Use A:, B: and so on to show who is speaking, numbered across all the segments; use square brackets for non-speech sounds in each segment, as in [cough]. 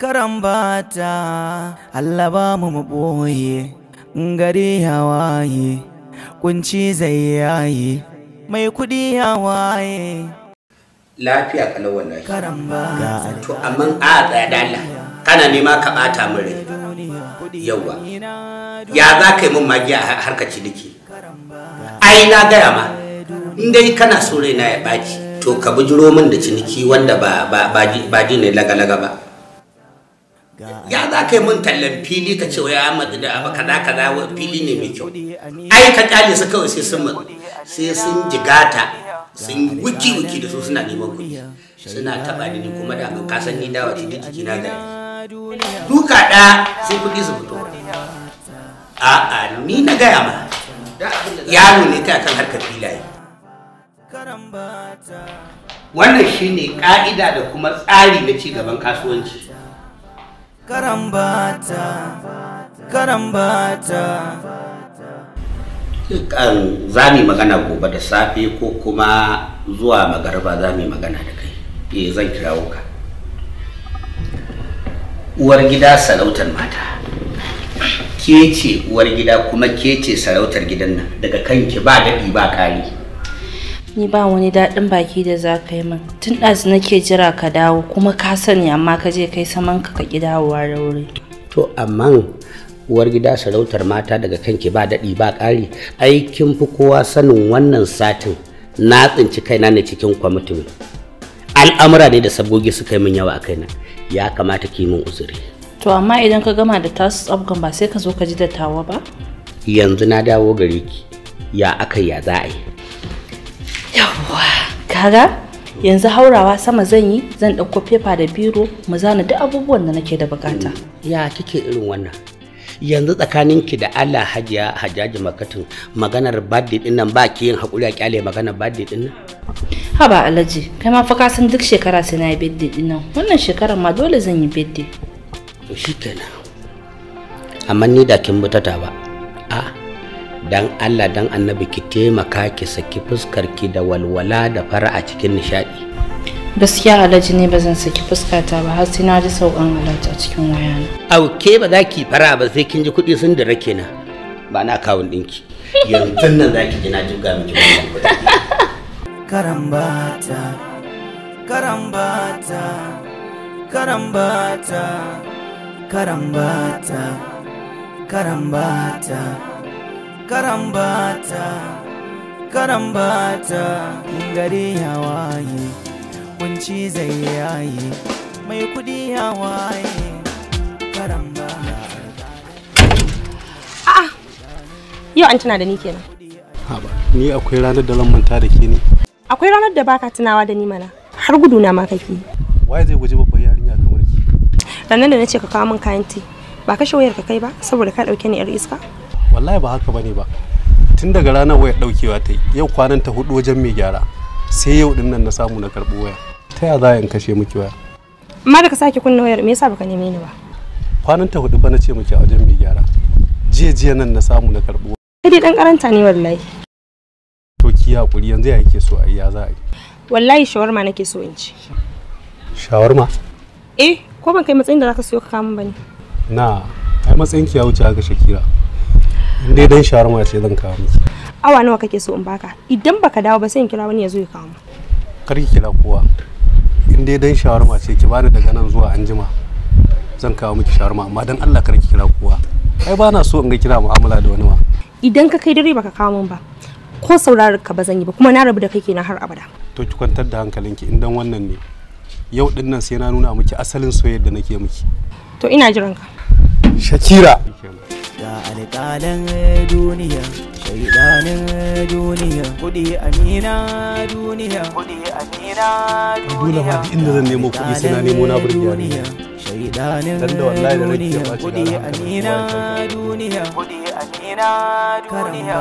A: karambata Allah ba mu ɓoye gari hawaye kunci zai yayi mai kuɗi hawaye
B: lafiya kalau wannan
A: karambata
B: to amma a tsaya da Allah kana nema ka bata min rai yawa ya za ka yi min magi a harkar ciniki ai na gaya ma in dai kana so na ya ɓaci to ka bujiro min da ciniki wanda ba ba ba ne lagalaga ba ya za ka yi mun tallan fili ka ce ya matsu da abu kaza kaza fili ne mai kyau ai ka kyale su kawai sai sun sai sun jigata sun wuki wuki da su suna neman kuɗi suna taɓa ni kuma da ka san ni dawa ce da jiki na gari duka da sai kuɗi su fito a'a ni na gaya ma yaro ne ta kan harkar filaye wannan
A: shine ka'ida da kuma tsari na ci gaban kasuwanci karambata karambata
B: kan um, za magana gobe da safe ko kuma zuwa magarba za magana da kai eh zan kirawo ka uwar gida sarautar mata ke ce uwar gida kuma ke ce sarautar gidan nan daga kanki ba daɗi ba kari
C: ni ba wani daɗin baki da za ka yi min tun ɗazu nake jira ka dawo kuma ka sani amma ka je kai saman ka ka dawowa da
B: to amma uwar gida sarautar mata daga kanki ba daɗi ba ƙari ai kin fi kowa sanin wannan satin na tsinci kaina ne cikin kwamitin al'amura ne da sabgogi suka yi min yawa a kaina ya kamata ki min uzuri
C: to amma idan ka gama da tasu tsabgan ba sai ka zo ka ji da tawa ba
B: yanzu na dawo gare ki ya aka ya za yi
C: yawwa kaga yanzu haurawa sama zan yi zan ɗauko fefa da biro mu zana duk abubuwan da nake da bukata
B: ya kike irin wannan yanzu tsakanin ki da Allah hajiya hajjaji makatun maganar birthday din nan ba ki yin hakuri a kyale maganar birthday din nan
C: haba alaji kai ma fa ka san duk shekara sai na yi birthday din nan wannan shekarar ma dole zan yi birthday
B: to shikenan amma ni da kin mutata ba a'a dan Allah dan annabi ki taimaka ki saki fuskar ki da walwala da fara a cikin nishaɗi.
C: gaskiya alhaji ne ba zan saki fuskata ba har sai na ji saukan
A: alhaji a cikin wayana
B: ke ba za ki fara ba sai kin ji kuɗi sun da rake na ba na kawun ɗinki yanzu nan za ki ji na juga miki
A: karambata karambata karambata karambata karambata karambata karambata gari ya waye kunci zai yaye mai kudi ya waye karambata a'a
C: yau an tana da ni kenan
D: haba ni akwai ranar da lamanta da ke ne
C: akwai ranar da baka tunawa da ni mana har gudu na ma kake
D: waye zai guji babbar yarinya kamar ki
C: ranar da nace ka kawo min kayan ti ba kashe wayar ka kai ba saboda ka dauke ni yar iska
D: wallahi ba haka bane ba tun daga ranar wayar daukewa ta yi yau kwanan ta hudu wajen mai gyara sai yau din nan na samu na karbi waya ta ya za in kashe miki waya
C: amma da ka sake kunna wayar me yasa baka neme ni ba
D: kwanan ta hudu ba na ce miki a wajen mai gyara jiya jiya nan na samu na karbi waya
C: kai dai dan karanta ne wallahi
D: to ki hakuri yanzu ya yake so a ya za a yi
C: wallahi shawarma nake so in ci shawarma eh ko ban kai matsayin da zaka siyo ka kamun bane
D: na ai matsayin ki ya wuce haka shakira in dai dan ma ce zan kawo miki.
C: awa nawa kake so in baka idan baka dawo ba sai in kira wani ya zo ya kawo mu
D: kar ki kira kowa in dai dan ma ce ki bani daga nan zuwa anjima zan kawo miki shawarma amma dan Allah kar ki kira kowa ai ba na so in ga kira mu'amala da wani ma
C: idan ka kai dare baka kawo min ba ko sauraron ka ba zan yi ba kuma na rabu da kai kenan har abada
D: to ki kwantar da hankalinki indan wannan ne yau dinnan sai na nuna miki asalin soyayyar da nake miki
A: to ina jiran ka shakira ga alƙalan duniya shaidanin duniya kudi amina duniya kudi amina duniya inda zan nemo kudi sai na nemo na burgiya ne shaidanin duniya kudi amina duniya kudi amina duniya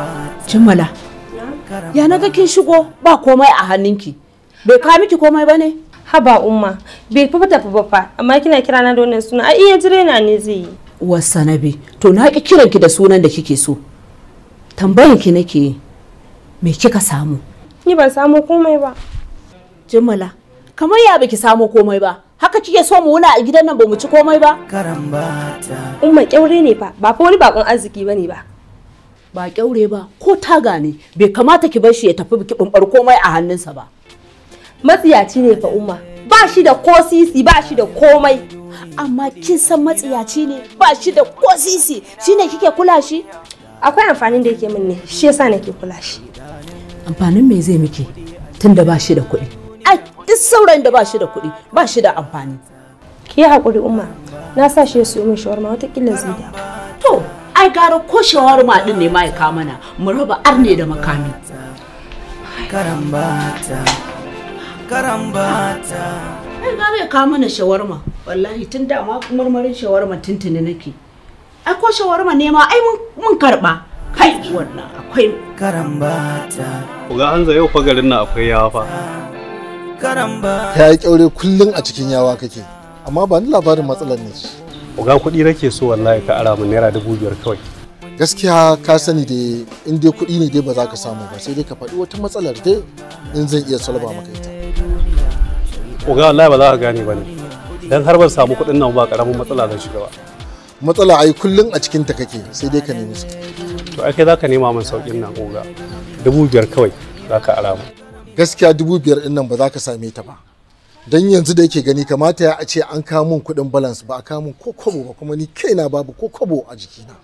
A: jimala ya
C: naga kin shigo ba komai a hannunki bai ka miki komai bane haba umma bai fa tafi fa amma kina kira na da wannan suna a iya jire na ne zai yi uwar sanabi to na ki kiran ki da sunan da kike so tambayan ki nake me kika samu ni ban samu komai ba jimala kamar ya baki samu komai ba haka kike so mu wuna a gidan nan ba mu ci komai ba
A: karambata
C: umma kyaure ne fa ba fa wani bakon arziki bane ba ba kyaure ba ko taga ne bai kamata ki bar shi ya tafi ki bumbar komai a hannunsa ba matsiyaci ne fa umma ba shi da kosisi sisi ba shi da komai amma kin san matsiyaci ne ba shi da ko sisi shine kike kula shi akwai amfanin da yake min ne shi yasa nake kula shi amfanin me zai miki tunda ba shi da kuɗi ai duk sauran da ba shi da kuɗi ba shi da amfani ki hakuri haƙuri umma na sa shi ya siyo min shawarma watakila zai da to ai gara ko shawarma din ne ma ya mana mu raba arne da makami karambata karambata ai ga mai kawo mana shawarma wallahi tun da ma marmarin shawarma tuntuni nake ai ko shawarma ne ma ai mun karba kai
E: wannan akwai karambata
D: ku ga anza yau fagarin nan akwai yawa fa
E: karambata kai yi kyaure kullun a cikin yawa kake amma ba ni labarin matsalar ne
D: Uga kuɗi nake so wallahi ka ara mu naira dubu biyar kawai.
E: Gaskiya ka sani dai in dai kuɗi ne dai ba za ka samu ba sai dai ka faɗi wata matsalar dai in zan iya salba maka ita.
D: ga Allah ba za ka gane ba ne dan har ban samu kuɗin nan ba karamin matsala zan shiga ba
E: matsala ai kullum a cikin ta kake sai dai ka nemi su. to ai kai
D: za ka nema min saukin nan oga dubu biyar kawai za ka arama
E: gaskiya dubu biyar din nan ba za ka same ta ba dan yanzu da yake gani kamata ya a ce an kawo min kuɗin balance ba a kawo min ko ba kuma ni kaina babu ko a jikina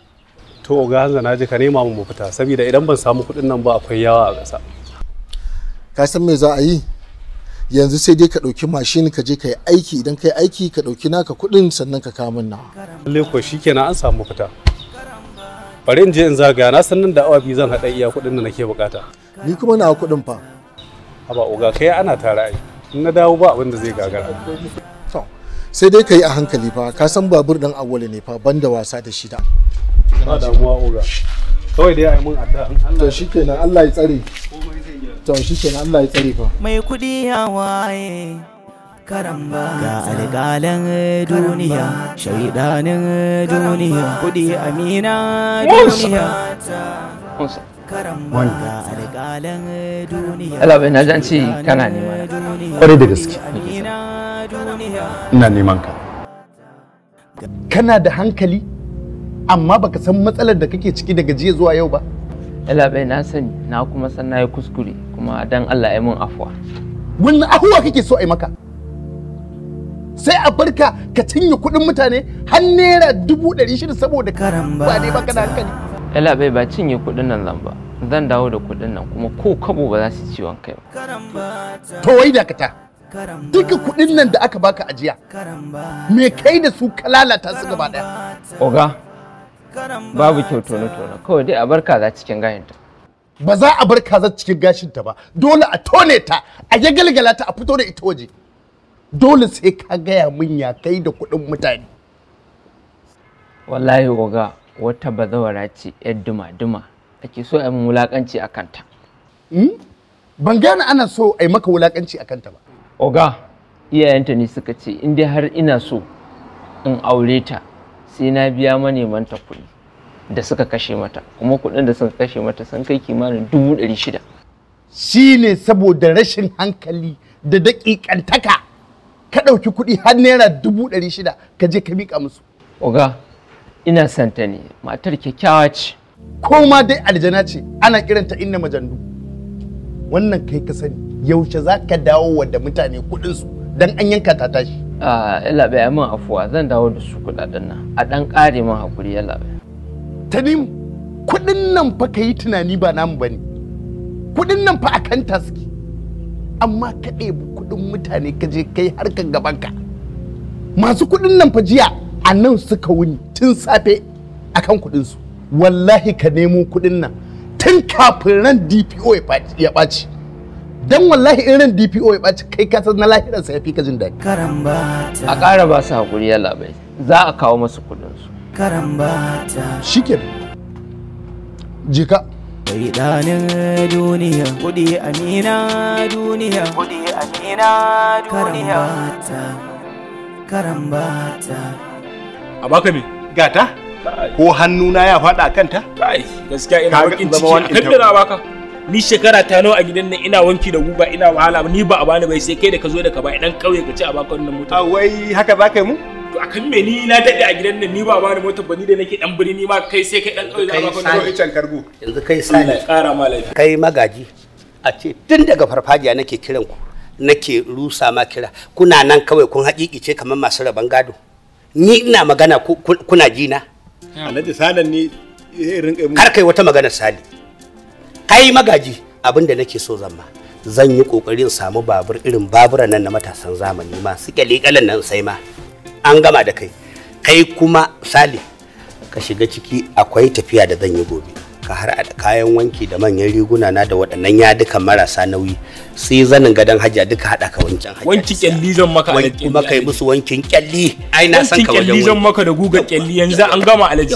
D: to oga hanza na ji ka nema min mafita saboda idan ban samu kuɗin nan ba akwai yawa a ƙasa
E: ka san me za a yi yanzu sai dai ka ɗauki mashin ka je ka yi aiki idan ka yi aiki ka ɗauki naka kuɗin sannan ka kamun na.
D: Lalle ko na an samu fita. Bari in je in zagaya na sannan da awa biyu zan haɗa iya kuɗin da nake buƙata.
E: Ni kuma na kuɗin fa.
D: Haba oga kai ana tare ai. In na dawo ba abin da zai gagara.
E: sai dai ka yi a hankali fa ka san babur ɗan awwali ne fa banda wasa da shida. Ba damuwa oga. Kawai dai a yi mun addu'a. To shikenan Allah ya tsare. Komai to shikenan Allah ya tsare ka
A: mai kudi ya waye karamba ga alƙalan duniya shaidanin duniya kudi amina duniya wani na kana
F: kwarai da
D: gaske ina neman ka
F: kana da hankali amma baka san matsalar da kake ciki daga jiya zuwa yau ba bai na sani na kuma san na yi kuskure kuma dan Allah ya mun afuwa wannan afuwa kake so ai maka sai a barka ka cinye kuɗin
G: mutane har naira dubu ɗari shida saboda karamba ba dai baka da hankali
F: yala bai ba cinye kuɗin nan zan ba zan dawo da kuɗin nan kuma ko kabo ba za su ci wanka
A: ba to
F: wai dakata duka kuɗin nan da aka baka ajiya me kai da su
G: ka lalata su gaba ɗaya
F: oga babu kyau tono tono kawai dai a barka za cikin gayanta ba za a bar kazar cikin gashinta ba dole a tone ta a
G: galgala ta a fito da ita waje dole sai ka gaya min ya kai da kuɗin mutane
F: wallahi oga wata bazawara ce yar duma-duma ake so a min wulakanci a kanta hmm? ban gane ana so a yi maka wulakanci a kanta ba oga iyayenta ne suka ce in dai har ina so in aure ta sai na biya manemanta kuɗi da suka kashe mata kuma kuɗin da suka kashe mata sun kai kimanin dubu ɗari shida
G: shi ne saboda rashin hankali da daƙiƙantaka ka ɗauki kuɗi har naira dubu ɗari shida ka je ka miƙa musu oga ina santa ne matar kyakkyawa ce ko ma dai aljana ce ana kiranta inna majandu wannan kai ka sani yaushe za ka dawo wa da mutane kuɗinsu don an yanka ta tashi
F: a ah, yalla bai min afuwa zan dawo da su kuɗaɗen nan a ɗan ƙare min hakuri yalla bai tanim kuɗin
G: nan fa ka yi tunani ba namu ba ne kuɗin nan fa a kan taski amma ka ɗebi kuɗin mutane ka je kai harkar gabanka masu kuɗin nan fa jiya a nan suka wuni tun safe akan su wallahi ka nemo kuɗin nan tun kafin ran dpo ya ɓaci dan wallahi in ran dpo ya ɓaci kai kasar na lahiransa ya fi ka jin daɗi
F: a ƙara ba su haƙuri ya labai za a kawo masu su.
A: karambata shike jika. ka Kaidanin duniya kudi amina duniya kudi amina duniya karambata karambata
H: a baka ne gata ko hannuna ya faɗa kanta kai gaskiya ina bakin ciki kaddara baka ni shekara ta nawa a gidan nan ina wanki da guba ina wahala ni ba a bani bai sai kai da ka zo da ka ba idan kauye ka ci a baka wannan mota ah, wai haka zaka yi mu to akan me ni na daɗe a gidan nan ni ba ba ni motar ba ni da nake dan birni ma kai sai kai dan kauye da ba ka da can kargo
B: yanzu kai sani kara ma lafiya kai magaji a ce tun daga farfajiya nake kiran ku nake rusa ma kira kuna nan kawai kun ce kamar masu raban gado ni ina magana kuna jina alhaji salan ne kar kai wata magana sali kai magaji da nake so zan ma zan yi kokarin samu babur irin babura nan na matasan zamani ma su kyale kalan nan sai ma an gama da kai kai kuma sali ka shiga ciki akwai tafiya da zan yi gobe ka har a kayan wanki da manyan riguna na da waɗannan ya duka marasa nauyi sai zanin gadon hajja duka haɗa ka wancan hajja wanki kyalli zan maka alaji kuma kai musu wankin kyalli ai na san ka wajen zan
H: maka da gugan kyalli yanzu an gama alaji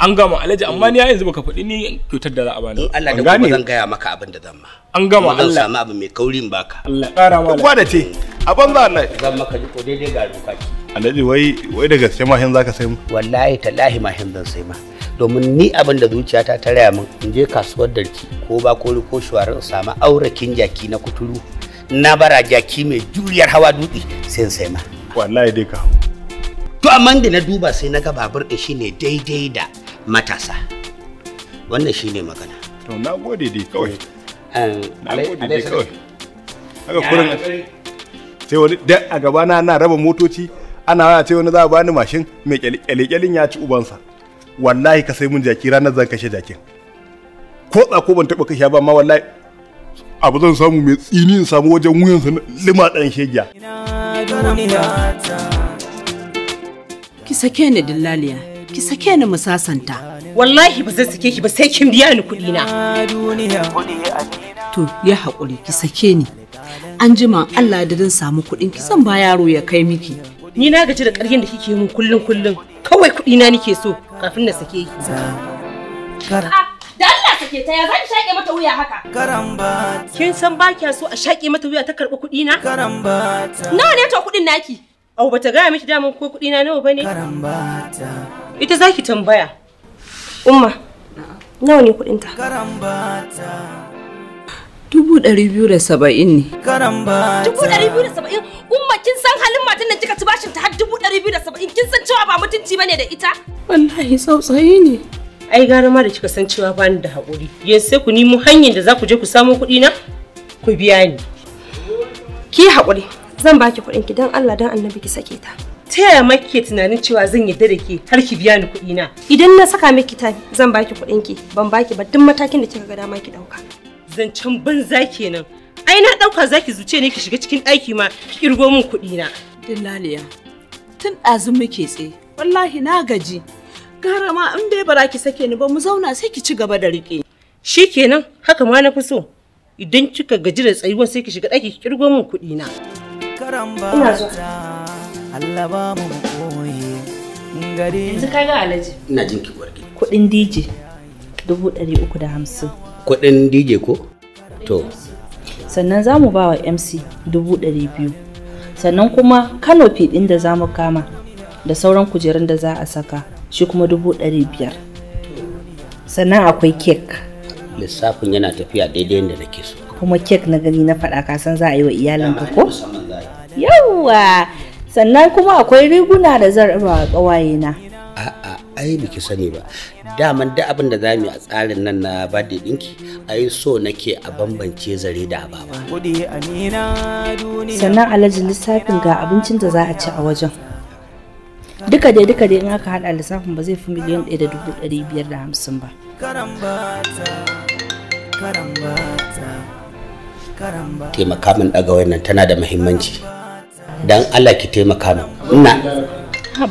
H: an gama alaji amma ni yanzu baka faɗi ni kyautar da za a bani Allah da kuma zan gaya maka abin da zan ma
B: an gama Allah zan samu
H: abu mai kaurin baka Allah kara ma da te a banza Allah zan maka jiko daidai ga duka ki alhaji wai wai da gaske
B: mahin zaka sai mu wallahi tallahi mahin zan sai ma domin ni abin da zuciyata ta raya min in je kasuwar darki ko ba ko ko shuwarin in samu aurakin jaki na kuturu na bara jaki mai juriyar hawa dutse sai in sai ma wallahi dai ka to amma da na duba sai na ga babur din shine daidai da matasa wannan shine
H: magana to na gode dai kawai eh, eh,
B: na gode dai kawai haka
E: kurin
H: sai wani a gabana na raba motoci ana waya ce wani za a bani mashin mai kyalikyalin ya ci ubansa wallahi ka sai mun jaki ranar zan kashe jakin ko tsako ban taɓa kashe ba ma wallahi abu zan samu mai tsini in samu wajen wuyansa na lima ɗan shegiya.
C: Ki sake ni dillaliya, ki sake ni musasanta. Wallahi ba zai sake ki ba sai kin biya ni kuɗi na. To ya haƙuri ki sake ni. An jima Allah da zan samu kuɗin ki zan ba yaro ya kai miki. Ni na gaji da ƙarfin da kike mun kullum kullum. Kawai kuɗi na nike so kafin na sake ki. Ah, da Allah sake ta ya zan shaƙe mata wuya haka.
A: Karamba.
C: Kin san ba kiya so a shaƙe mata wuya ta karɓi kuɗi na? Karamba. Nawa ne to kuɗin naki? Au bata gaya miki daman ko kuɗi na nawa bane? Karamba.
A: Ita zaki tambaya.
C: Umma. Nawa ne kuɗinta?
A: Karamba.
C: Dubu ɗari biyu da saba'in ne.
A: Karamba.
C: Dubu ɗari biyu da saba'in? Umma kin san halin matan nan kika ci bashin ta har dubu ɗari biyu da saba'in kin san cewa ba mutunci bane da ita? Wallahi tsautsayi ne. Ai gara ma da kika san cewa ba ni da haƙuri. Yanzu sai ku nemo hanyar da za ku je ku samo kuɗi na ku biya ni. Ki haƙuri. Zan baki kuɗin ki don Allah don Annabi ki sake ta. ta yaya ma kike tunanin cewa zan yadda da ke har ki biya ni kuɗi na idan na saka miki ta zan baki kuɗin ki ban baki ba duk matakin da kika ga dama ki ɗauka. zancen banza kenan ai na ɗauka zaki zuce ne ki shiga cikin ɗaki ma kirgo min kuɗi na dillaliya tun ɗazun muke tsaye wallahi na gaji gara ma in bai bara ki sake ni ba mu zauna sai ki ci gaba da riƙe shikenan haka ma na fi so idan kika gaji da tsayuwan sai ki shiga ɗaki ki kirgo min kuɗi na ina zo Allah ba mu koyi yanzu alaji ina jin ki warke kuɗin DJ dubu ɗari uku da hamsin
B: kuɗin dj ko to
C: sannan za mu ba wa mc dubu biyu sannan kuma kanofi ɗin da za mu kama da sauran kujerun da za a saka shi kuma dubu biyar sannan akwai kek
B: lissafin yana tafiya daidai yadda nake so
C: kuma kek na gani na faɗa kasan za a yi wa ka ko yawwa sannan kuma akwai riguna da zan raba wa ƙawayena
B: ai biki sani ba daman da abin da za mu yi a tsarin nan na bade dinki ai so nake a bambance zare da ababa
A: sannan
C: alhaji lissafin ga abincin da za a ci a wajen duka dai duka dai in aka hada lissafin ba zai fi miliyan ɗaya da dubu ɗari biyar da hamsin ba
B: taimaka min daga wannan tana da muhimmanci don allah ki taimaka min ina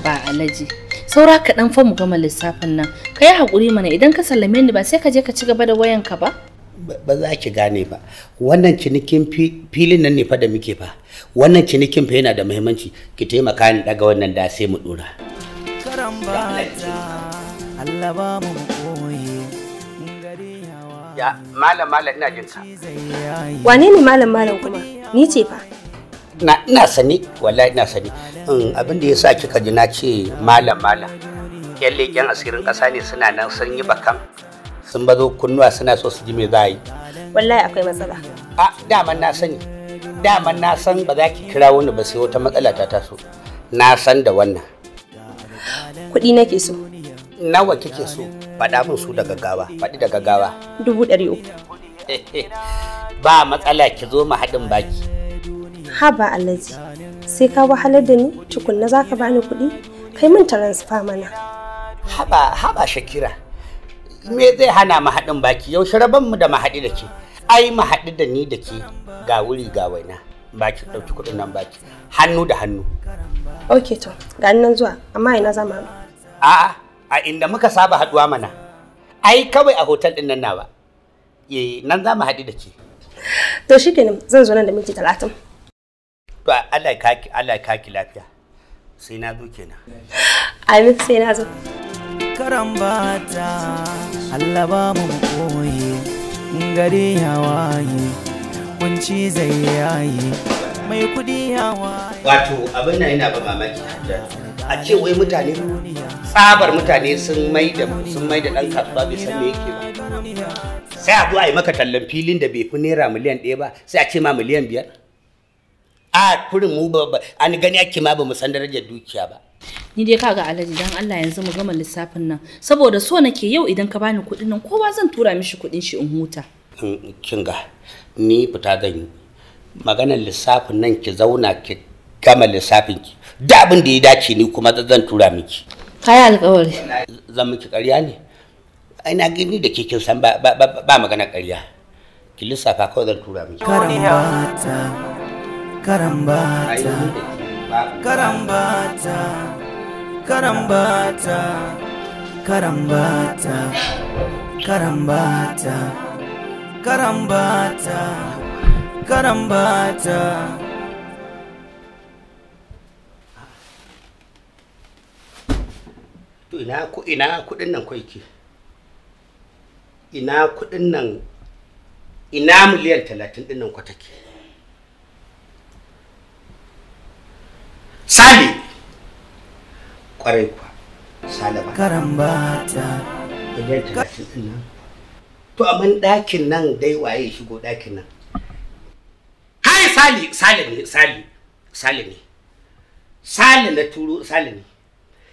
A: ba
C: alhaji saura ka dan fa mu gama lissafin nan ka yi mana idan ka sallame ni ba sai ka je ka ci gaba da wayanka ba
B: ba za ki gane ba wannan cinikin filin nan ne fa da muke fa wannan cinikin fa yana da muhimmanci ki taimaka ni daga wannan da sai mu dora
A: Allah ba mu
B: ya malam malam ina jin ka wane ne malam
C: malam kuma ni ce fa
B: na ina sani wallahi ina sani abin da ya sa kika ji na ce malam malam yan leƙen asirin ƙasa ne suna nan sun yi bakan sun bazo kunnuwa suna so su ji me za yi wallahi akwai matsala a daman na sani daman na san ba za ki kira wani ba sai wata matsala ta taso na san da wannan kuɗi nake so nawa kike so faɗa min su da gaggawa faɗi da gaggawa
C: dubu ɗari uku
B: [laughs] ba matsala ki zo mu haɗin baki
C: haba alaji. sai ka wahalar da ni tukunna za ka bani kuɗi kai min transfer mana
B: haba haba shakira me zai hana mu baki yaushe rabon mu da mahaɗi da ke ai mahaɗi da ni da ke ga wuri ga waina baki ɗauki kuɗin nan baki hannu da hannu
C: ok to ga nan zuwa amma ina zama mu
B: a'a a inda muka saba haɗuwa mana ai kawai a hotel ɗin nan nawa eh, nan za mu da ke
C: to shi zan zo nan da minti talatin
B: to Allah ya kaki Allah ya kaki lafiya sai na zo kenan
A: amin sai na zo karambata Allah ba mu koyi gari ya waye kunci zai yayi
B: mai kudi ya waye wato abin nan yana ba mamaki a ce wai mutane tsabar mutane sun mai da sun mai da dan kasuwa bai san me yake
A: ba
B: sai a zo a yi maka tallan filin da bai fi naira miliyan ɗaya ba sai a ce ma miliyan biyar a kurin mu ba an gani ake ma ba mu san darajar dukiya ba
C: ni dai kaga alhaji dan Allah yanzu mu gama lissafin nan saboda so nake yau idan ka bani kuɗin nan kowa zan tura mishi kuɗin shi in huta
B: mm, kin ga ni fita zan yi maganar lissafin nan ki zauna ki gama lissafin ki da abin da ya dace ni kuma zan tura miki
A: kai alƙawari
B: zan miki ƙarya ne ina gani da ke kin san ba magana ƙarya ki lissafa kawai zan tura miki
A: karambata karambata karambata karambata karambata karambata karambata
B: to ina ku ina kudin nan kwai ina kudin nan ina miliyan talatin din nan kwatake sale kwarai kuwa sale ba karambata idan ta to abin ɗakin nan dai waye shigo ɗakin nan hai sale sale ne sale sale ne sale na turo sale ne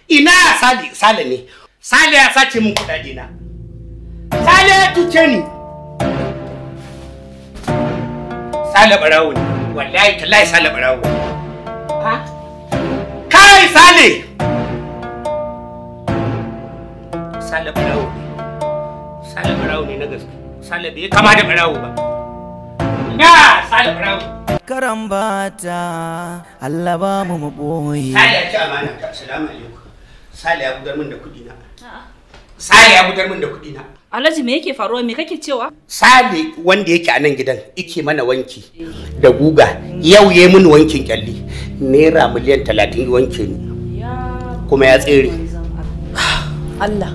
B: ina sale sale ne sale ya sace min kudaje na sale ya tuce ni sale barawo ne wallahi tallahi sale barawo ha kai sale sale barawo sale barawo ne na gaske sale bai kama da barawo ba ya sale barawo
A: karambata Allah ba mu mu boye sale ya ci amana
B: ta assalamu alaikum sale ya gudar min da kudi na sale ya gudar min da kudi na
C: Alhaji me yake faruwa me kake cewa?
B: Sale wanda yake a nan gidan yake mana wanki da guga yau yayi mun wankin kyalli. naira miliyan talatin wanke ni kuma ya tsere
C: Allah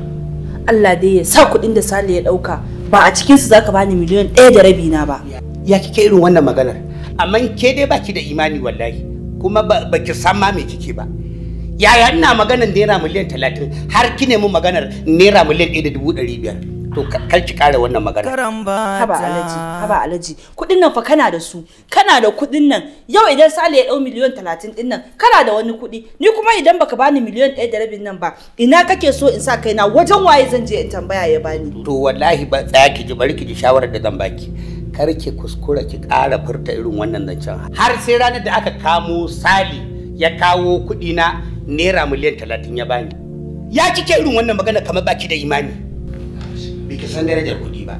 C: Allah dai ya sa kuɗin da Sale ya ɗauka ba a cikinsu za ka bani miliyan ɗaya da rabi na ba ya kike irin wannan maganar amma ke dai
B: baki da imani wallahi kuma baki san ma me kike ba yaya ina maganar naira miliyan talatin har ki nemi maganar naira miliyan ɗaya da dubu ɗari biyar to kai ki kare wannan
C: magana haba alaji haba alaji kudin nan fa kana da su kana da kudin nan yau idan sale ya dau miliyan 30 din nan kana da wani kudi ni kuma idan baka bani miliyan 1 da rabin nan ba ina kake so in sa kaina wajen waye zan je in tambaya ya bani
B: to wallahi ba tsaya ki ji bari ki ji shawarar da zan baki kar ki kuskura ki kara furta irin wannan zancen har sai ranar da aka kamo Sale ya kawo kudi na naira miliyan 30 ya bani ya kike irin wannan magana kamar baki da imani biki san darajar kuɗi ba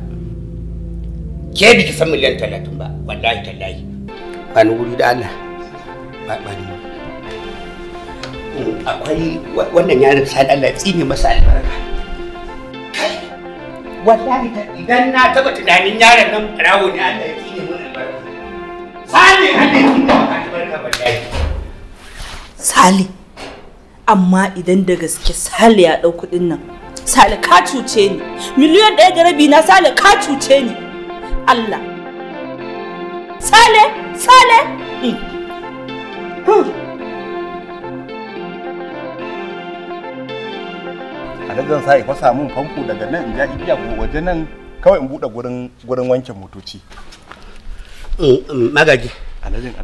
B: ke biki san miliyan talatin ba wallahi tallahi ba ni wuri da Allah ba ba ni mm, akwai wannan yaron sai Allah tsine masa albarka kai wallahi idan na taba tunanin yaron nan rawo ne Allah ya tsine mun albarka
C: sani hade ki da
B: albarka wallahi
C: sali amma idan da gaske sali ya dau kudin nan sale ka cuce ni miliyan ɗaya da rabi na sale ka cuce ni allah sale sale hmm. Hmm.
H: a da zan sa ifa samun famfo daga nan in ja igiya waje nan kawai in buɗe gurin wanke motoci eh, magaji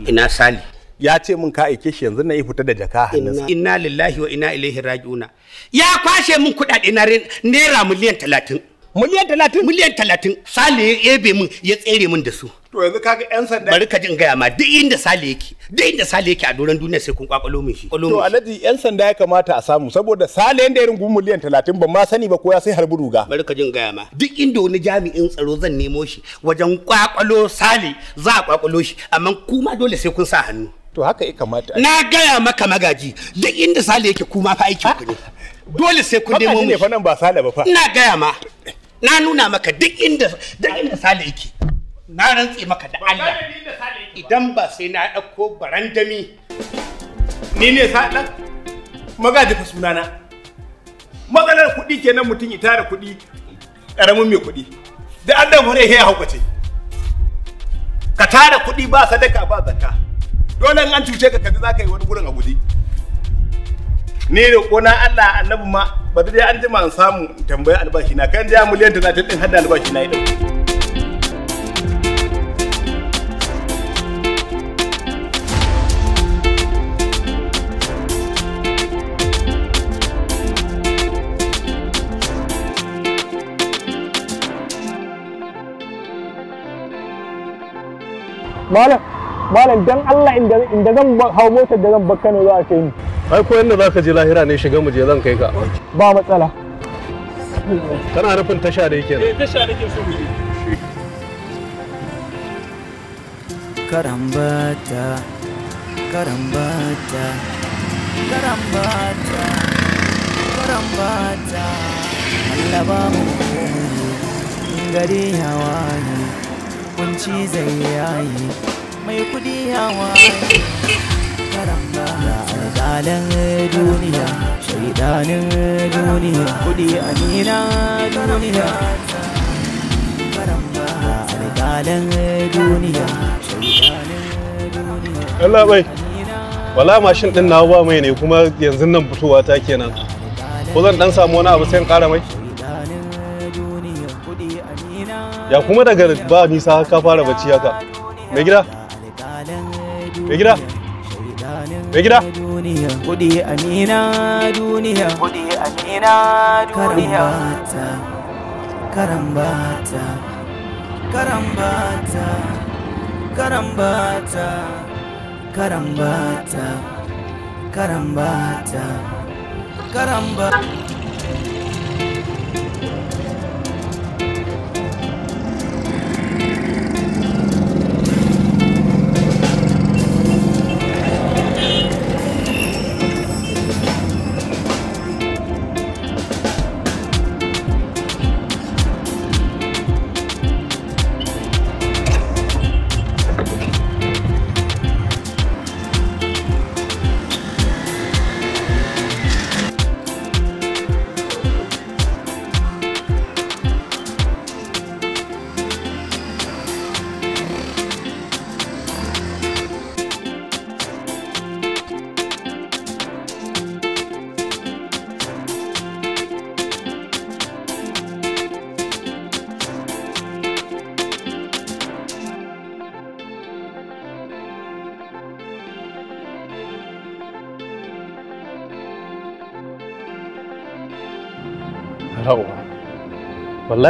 H: ina sali ya ce min ka aike shi yanzu na yi fita da jaka hannunsa inna
B: lillahi wa inna ilaihi raji'una ya kwashe min kuɗaɗe na naira miliyan talatin miliyan talatin miliyan talatin sale ya ebe min ya tsere min da su to yanzu kaga yan sanda bari ka jin gaya ma duk inda sale yake duk inda sale yake a doron duniya sai kun kwakwalo min shi to
H: alhaji yan sanda ya kamata a samu saboda sale yanda ya rungu miliyan talatin ban ma sani ba ko ya sai harbi ruga
B: bari ka jin gaya ma
H: duk inda wani jami'in tsaro zan nemo shi wajen kwakwalo sale za a kwakwalo shi amma kuma dole sai
B: kun sa hannu to haka ya kamata na gaya maka magaji duk inda sale yake kuma fa aikin ku ne ah, dole sai ku nemo mu ne fa nan
H: ba sale ba fa ina gaya
B: ma na nuna maka duk inda
H: duk inda sale yake na rantse maka da Allah idan ba sai na dauko barandami ni ne sa'ala magaji fa sunana matsalar kuɗi kenan mutum ya tara kuɗi ƙaramin mai kuɗi da an da ya haukace ka tara kuɗi ba sadaka ba zakka dole in an cuce ka kaji za ka yi wani gurin a guje ni da kona Allah annabi ma ba dai an jima an samu tambayi albashi na kan ja miliyan zata din hadda albashi na yi
E: Malam, malam dan Allah inda zan hau motar da zan bar Kano za a kai ni
D: ai ko yanda zaka je lahira ne shiga mu je zan kai ka ba matsala kana nufin tasha da yake eh tasha nake so mu
A: je karambata karambata karambata karambata Allah ba mu gari hawa ne kunci zai yayi mai kudi hawa Zalan duniya, shaidanin duniya, kudi a nina duniya. Zalan duniya, shaidanin
D: Allah bai, wala mashin din na ba mai ne kuma yanzu nan fitowa ta kenan. Ko zan dan samu wani abu sai in ƙara mai? Ya kuma daga ba nisa ka fara bacci haka. Mai gida?
A: Mai gida. Kudi anina Karambata. Karambata. Karambata. Karambata.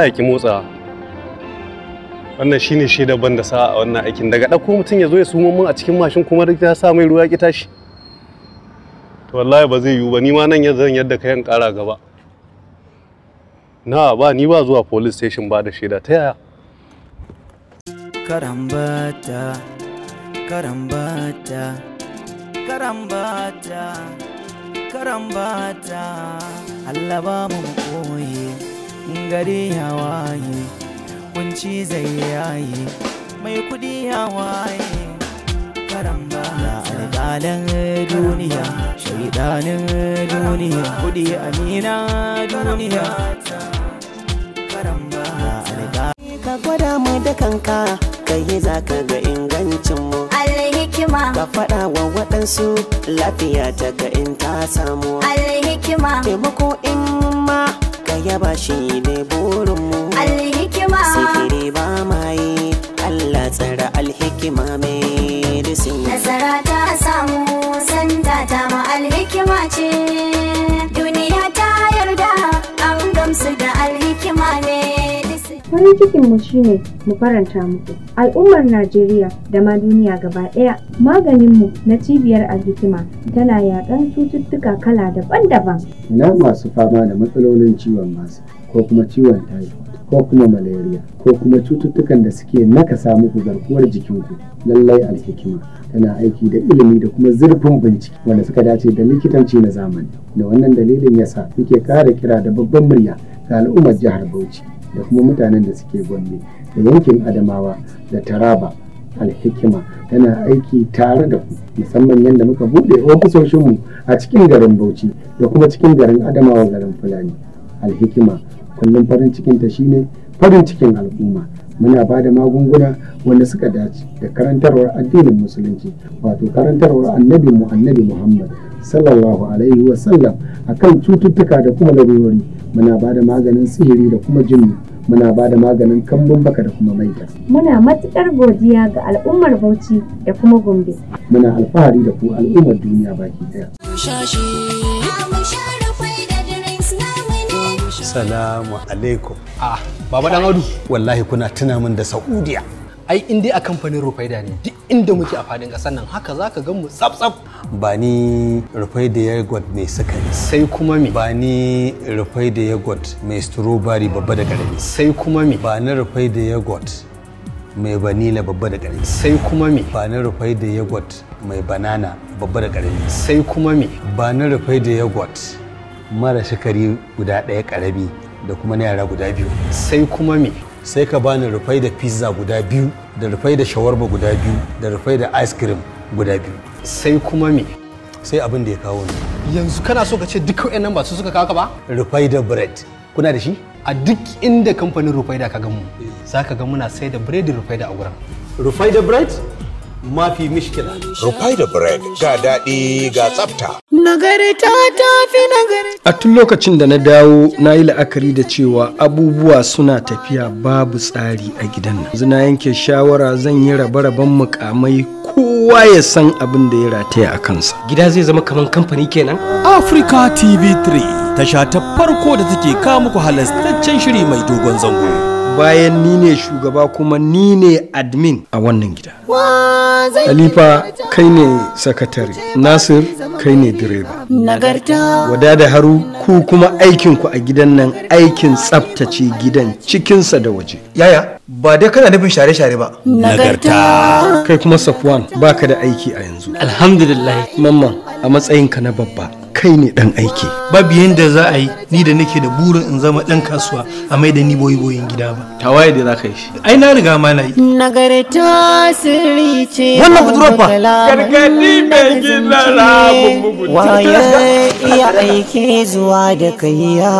D: ya ki motsa wannan shine shi daban da sa a wannan aikin daga ɗauko mutum ya zo ya sumo mun a cikin mashin kuma duk ta sa mai ruwa ki tashi to wallahi ba zai yiwu ba ni ma nan yanzu yadda kayan ƙara gaba na ba ni ba zuwa police station ba da shaida ta yaya
A: karambata karambata karambata karambata Allah ba mu koye gari ya waye kunci zai yaye mai kudi ya waye karamba na alƙalin duniya shaidanin duniya kudi amina duniya karamba ya alƙalin ka gwada mu da kanka kai za ka ga ingancin ingancinmu
C: alhikima ka
A: faɗa wa waɗansu lafiya ta ga in ta samu
C: alhikima
A: taimako in ma yaba shi ne burinmu alhikima sihiri ba ma yi Allah tsara alhikima mai medicine
I: nasara ta samu sanda ta ma alhikima ce duniya ta yarda an gamsu da alhikima ne farin
C: mu shine mu faranta muku al'ummar najeriya da ma duniya gaba ɗaya maganinmu na cibiyar alhikima tana yaƙan cututtuka kala daban-daban
I: ina masu fama da matsalolin ciwon masa ko kuma ciwon typhoid ko kuma malaria ko kuma cututtukan da suke nakasa muku garkuwar jikinku lallai alhikima tana aiki da ilimi da kuma zurfin bincike wanda suka dace da likitanci na zamani da wannan dalilin yasa muke kara kira da babban murya ga al'ummar jihar bauchi da kuma mutanen da suke gombe da yankin adamawa da taraba alhikima tana aiki tare da ku musamman yadda muka buɗe ofisoshinmu a cikin garin bauchi da kuma cikin garin adamawa garin fulani alhikima kullum farin cikinta shine farin cikin al'umma muna ba da magunguna wanda suka dace da karantarwar addinin musulunci wato karantarwar annabinmu annabi muhammad sallallahu alaihi wa sallam akan cututtuka da kuma larurori muna ba da maganin sihiri da kuma jinni, muna ba da maganin kambun baka da kuma maita.
C: Muna matuƙar godiya ga al'ummar Bauchi da kuma Gombe.
I: Muna alfahari da ku al'ummar duniya baki ɗaya. Salamu alaikum. Ah, Baba Dan Audu, wallahi kuna tuna min da Saudiya. ai in dai a kamfanin rufaida ne duk inda muke a fadin kasar nan haka
D: za ka gan mu tsaf tsaf
I: ba ni rufaida yogurt mai ne sai kuma mi. ba ni rufaida yogurt mai strawberry babba da karami sai kuma mi. ba ni rufaida yogurt mai vanilla babba da karami sai kuma mi. ba ni rufaida yogurt mai banana babba da karami sai kuma mi. ba ni rufaida yogurt mara sukari guda ɗaya ƙarami da kuma yara guda biyu sai kuma mi. sai ka bani rufai da pizza guda biyu da rufai da shawarma guda biyu da rufai da ice cream guda biyu sai kuma me sai abin da ya kawo
D: ni yanzu kana so ka ce duk nan ba su
I: suka kawo ka ba rufai da bread kuna da shi a duk inda kamfanin rufai da ka gamu mu za ka ga muna sai da bread rufai da a gurin rufai da bread mafi
D: mishkila.
H: Rufai da bread ga daɗi ga tsafta.
A: Nagarta ta fi nagarta. A
J: tun lokacin da na dawo na yi la'akari da cewa abubuwa suna tafiya babu tsari a gidan nan. Yanzu yanke shawara zan yi rabe-raben mukamai kowa ya san abin da ya rataya a kansa. Gida zai zama kamar kamfani kenan? Africa TV 3 tasha ta farko da take kawo muku halastaccen shiri mai dogon zango. bayan ni ne shugaba kuma ni ne admin a wannan gida Khalifa kai ne sakatare Nasir kai ne direba
A: nagarta
J: wadada haru ku kuma aikinku a gidan nan aikin tsaftace gidan cikinsa da waje yaya ba dai kana nufin share-share ba nagarta kai kuma safwan baka da aiki a yanzu alhamdulillah mamman a matsayinka na babba kai ne dan aiki babu yanda za a yi ni da nake da burin in zama dan kasuwa a mai da ni boyi boyin gida ba tawaye da za ka
D: yi shi ai na riga ma na yi
A: nagarta sirri ce wannan budurwa fa gargadi mai gina rabu waye iya aiki zuwa da kai ya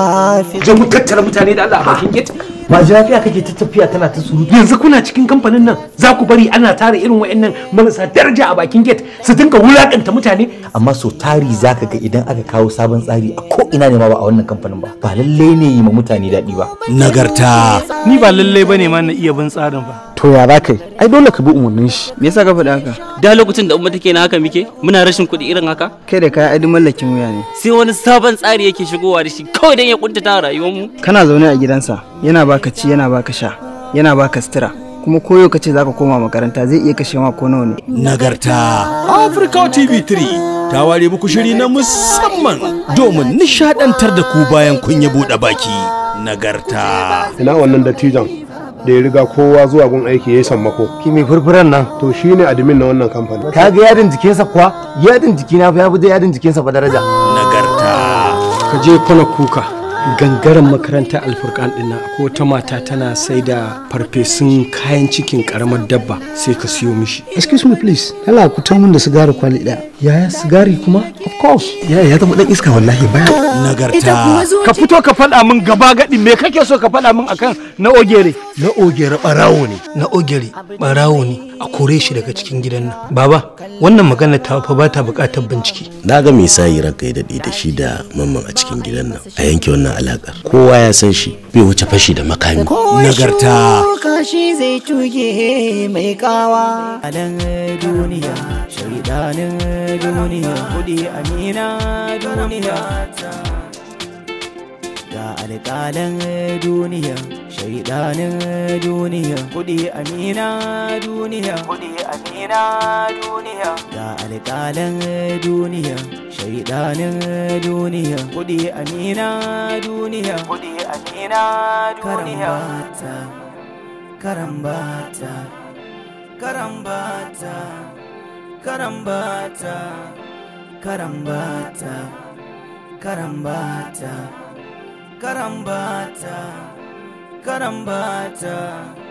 A: fi je tattara mutane da Allah a bakin gate ba lafiya kake ta tafiya tana
B: ta surutu yanzu kuna cikin kamfanin nan za ku bari ana tara irin wa'annan marasa daraja a bakin gate
H: su dinka wulakanta mutane amma so tari zaka ga idan aka kawo sabon tsari a ko ina ne ma
J: ba a wannan kamfanin ba ba lalle ne yi ma mutane daɗi ba nagarta ni ba lalle bane ma na
F: iya bin tsarin ba
J: to ya za ka yi ai dole ka bi umarnin shi me yasa ka faɗi haka
F: da lokacin da umma take na haka muke muna rashin kuɗi irin haka
J: kai da kai ai mallakin wuya ne
F: sai wani sabon tsari yake shigowa da shi kawai dan ya kuntata rayuwar mu
J: kana zaune a gidansa yana baka ci yana baka sha yana baka sutura kuma ko ka ce zaka koma makaranta zai iya kashe ma ko nawa ne nagarta Africa TV 3 ta ware muku shiri na musamman domin nishadantar
H: da ku bayan kun ya buɗe baki nagarta ina wannan dattijan da ya riga kowa zuwa gun aiki ya yi sammako ki mai furfuran nan to shi ne admin na wannan kamfani ka ga yadin
J: jikinsa kuwa yadin jikina fa ya fi yadin jikinsa fa daraja nagarta ka je kwana kuka gangaren makarantar alfurkan dinnan ko ta mata tana sai da farfesun kayan cikin karamar dabba sai ka siyo mishi excuse me please hala ku ta mun da sigari kwali daya yaya sigari kuma of course ya ya zama dan iska wallahi baya nagarta ka fito ka faɗa min gaba gadi me kake so ka faɗa min akan na ogere na ogere barawo ne na ogere barawo ne a kore shi daga cikin gidan nan baba wannan magana ta fa bata bukatar bincike na ga mai yi ranka ya dade da shi da mamman a cikin gidan
I: nan a yanke wannan alakar kowa ya san shi bai wuce fashi da makami nagarta
A: kashi zai tuge mai kawa a nan duniya shaidanin duniya kudi amina duniya alƙalan duniya shaidanin duniya kudi amina duniya kudi amina duniya ga alƙalan duniya shaidanin duniya kudi amina duniya kudi amina duniya karambata karambata karambata karambata karambata karambata karambata karambata